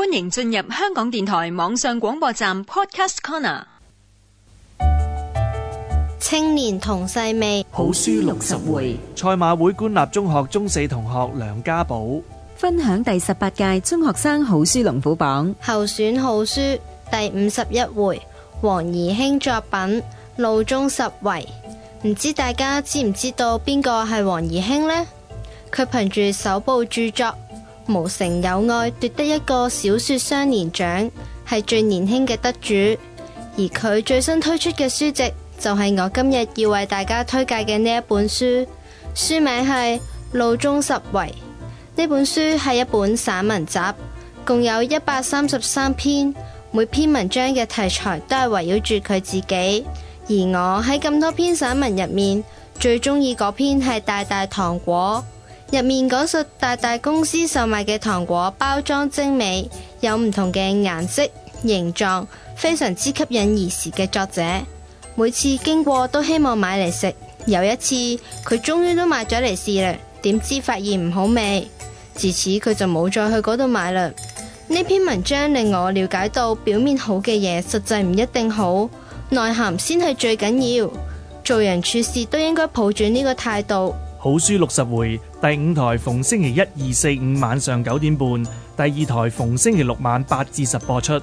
歡迎進入香港電台網上廣播站 Podcast Corner。青年同細味好書六十回，回賽馬會官立中學中四同學梁家寶分享第十八屆中學生好書龍虎榜候選好書第五十一回，王貽興作品《路中拾遺》。唔知大家知唔知道邊個係王貽興呢？佢憑住首部著作。無城有愛奪得一個小說雙年獎，係最年輕嘅得主。而佢最新推出嘅書籍就係、是、我今日要為大家推介嘅呢一本書，書名係路中拾遺。呢本書係一本散文集，共有一百三十三篇，每篇文章嘅題材都係圍繞住佢自己。而我喺咁多篇散文入面，最中意嗰篇係大大糖果。入面講述大大公司售賣嘅糖果包裝精美，有唔同嘅顏色、形狀，非常之吸引兒時嘅作者。每次經過都希望買嚟食，有一次佢終於都買咗嚟試嘞，點知發現唔好味。自此佢就冇再去嗰度買嘞。呢篇文章令我了解到表面好嘅嘢，實際唔一定好，內涵先係最緊要。做人處事都應該抱住呢個態度。好書六十回，第五台逢星期一、二、四、五晚上九點半，第二台逢星期六晚八至十播出。